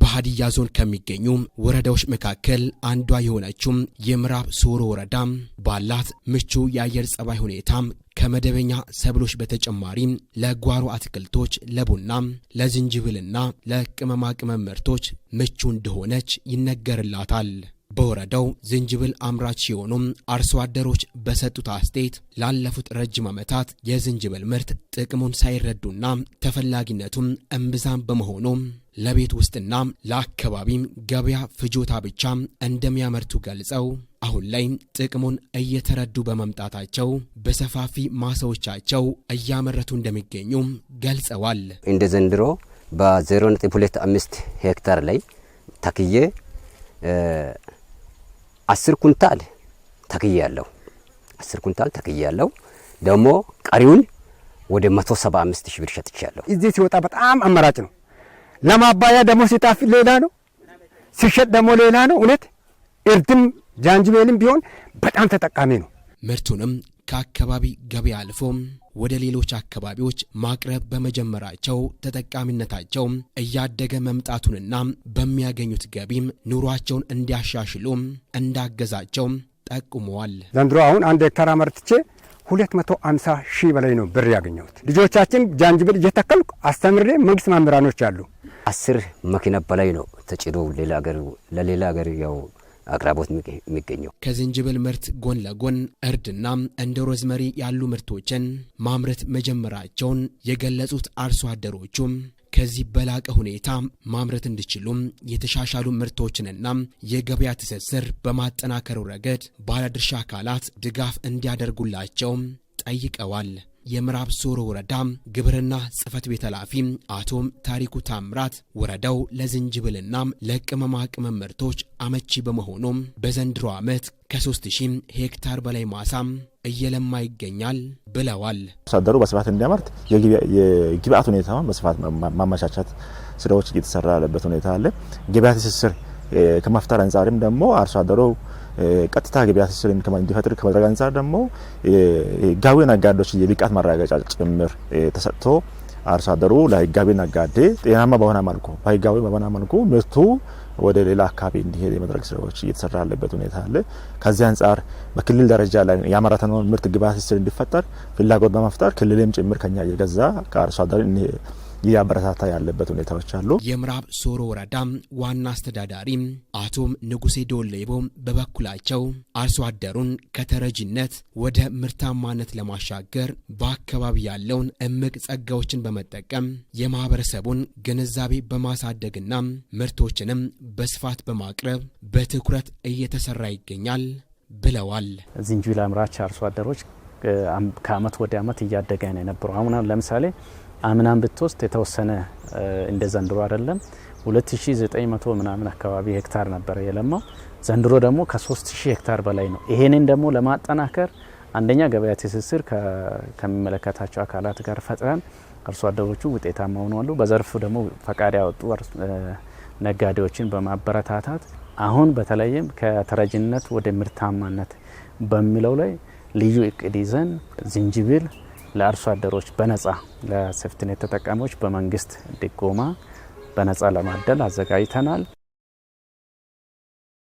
በሀዲያ ዞን ከሚገኙ ወረዳዎች መካከል አንዷ የሆነችው የምዕራብ ሶሮ ወረዳ ባላት ምቹ የአየር ጸባይ ሁኔታ ከመደበኛ ሰብሎች በተጨማሪ ለጓሮ አትክልቶች፣ ለቡና፣ ለዝንጅብልና ለቅመማ ቅመም ምርቶች ምቹ እንደሆነች ይነገርላታል። በወረዳው ዝንጅብል አምራች የሆኑም አርሶ አደሮች በሰጡት አስተያየት ላለፉት ረጅም ዓመታት የዝንጅብል ምርት ጥቅሙን ሳይረዱና ተፈላጊነቱም እምብዛም በመሆኑ ለቤት ውስጥና ለአካባቢም ገበያ ፍጆታ ብቻ እንደሚያመርቱ ገልጸው አሁን ላይ ጥቅሙን እየተረዱ በመምጣታቸው በሰፋፊ ማሳዎቻቸው እያመረቱ እንደሚገኙ ገልጸዋል። እንደ ዘንድሮ በ0.25 ሄክታር ላይ ተክዬ አስር ኩንታል ተክያለሁ። አስር ኩንታል ተክያለሁ። ደግሞ ቀሪውን ወደ 175 ሺህ ብር ሸጥቻለሁ። እዚህ ሲወጣ በጣም አማራጭ ነው። ለማባያ ደግሞ ሲጣፍ ሌላ ነው፣ ሲሸጥ ደግሞ ሌላ ነው። እውነት እርድም ጃንጅቤልም ቢሆን በጣም ተጠቃሚ ነው። ምርቱንም ከአካባቢ ገበያ አልፎ ወደ ሌሎች አካባቢዎች ማቅረብ በመጀመራቸው ተጠቃሚነታቸው እያደገ መምጣቱንና በሚያገኙት ገቢም ኑሯቸውን እንዲያሻሽሉ እንዳገዛቸው ጠቁመዋል። ዘንድሮ አሁን አንድ ሄክታር አመርትቼ 250 ሺህ በላይ ነው ብር ያገኘሁት። ልጆቻችን ጃንጅብል እየተከልኩ አስተምሬ መንግስት መምህራኖች አሉ። አስር መኪና በላይ ነው ተጭዶ ለሌላ ሀገር ያው አቅራቦት የሚገኘው። ከዝንጅብል ምርት ጎን ለጎን እርድና እንደ ሮዝመሪ ያሉ ምርቶችን ማምረት መጀመራቸውን የገለጹት አርሶ አደሮቹም ከዚህ በላቀ ሁኔታ ማምረት እንዲችሉም የተሻሻሉ ምርቶችንና የገበያ ትስስር በማጠናከሩ ረገድ ባለድርሻ አካላት ድጋፍ እንዲያደርጉላቸው ጠይቀዋል። የምዕራብ ሶሮ ወረዳም ግብርና ጽህፈት ቤት ኃላፊ አቶ ታሪኩ ታምራት ወረዳው ለዝንጅብልና ለቅመማ ቅመም ምርቶች አመቺ በመሆኑም በዘንድሮ ዓመት ከ3000 ሄክታር በላይ ማሳም እየለማ ይገኛል ብለዋል። ሳደሩ በስፋት እንዲያመርት የግብአት ሁኔታ በስፋት ማመቻቻት ስራዎች እየተሰራ ያለበት ሁኔታ አለ። ግብአት ትስስር ከመፍጠር አንጻርም ደግሞ አርሶ አርሶአደሩ ቀጥታ ገበያ ትስስር የሚከማ እንዲፈጥር ከማድረግ አንጻር ደግሞ ህጋዊ ነጋዴዎች የብቃት ማረጋገጫ ጭምር ተሰጥቶ አርሶ አደሩ ለህጋዊ ነጋዴ ጤናማ በሆነ መልኩ በህጋዊ በሆነ መልኩ ምርቱ ወደ ሌላ አካባቢ እንዲሄድ የመድረግ ስራዎች እየተሰራ ያለበት ሁኔታ አለ። ከዚህ አንጻር በክልል ደረጃ ላይ ያመረተነውን ምርት ግብይት ትስስር እንዲፈጠር ፍላጎት በመፍጠር ክልልም ጭምር ከኛ እየገዛ ከአርሶ አደሩ እያበረታታ ያለበት ሁኔታዎች አሉ። የምዕራብ ሶሮ ወረዳ ዋና አስተዳዳሪ አቶ ንጉሴ ዶሌቦ በበኩላቸው አርሶ አደሩን ከተረጂነት ወደ ምርታማነት ለማሻገር በአካባቢ ያለውን እምቅ ጸጋዎችን በመጠቀም የማህበረሰቡን ግንዛቤ በማሳደግና ምርቶችንም በስፋት በማቅረብ በትኩረት እየተሰራ ይገኛል ብለዋል። ዝንጅብል አምራች አርሶ አደሮች ከአመት ወደ አመት እያደገ ነው የነበረው። አሁን ለምሳሌ አምናን ብትወስድ የተወሰነ እንደ ዘንድሮ አይደለም 2900 ምናምን አካባቢ ሄክታር ነበረ የለማው። ዘንድሮ ደግሞ ከ3000 ሄክታር በላይ ነው። ይሄንን ደግሞ ለማጠናከር አንደኛ ገበያ ትስስር ከሚመለከታቸው አካላት ጋር ፈጥረን አርሶ አደሮቹ ውጤታማ ሆነዋሉ። በዘርፉ ደግሞ ፈቃድ ያወጡ ነጋዴዎችን በማበረታታት አሁን በተለይም ከተረጅነት ወደ ምርታማነት በሚለው ላይ ልዩ እቅድ ይዘን ዝንጅብል ለአርሶ አደሮች በነጻ ለሴፍትኔት ተጠቃሚዎች በመንግስት ድጎማ በነጻ ለማደል አዘጋጅተናል።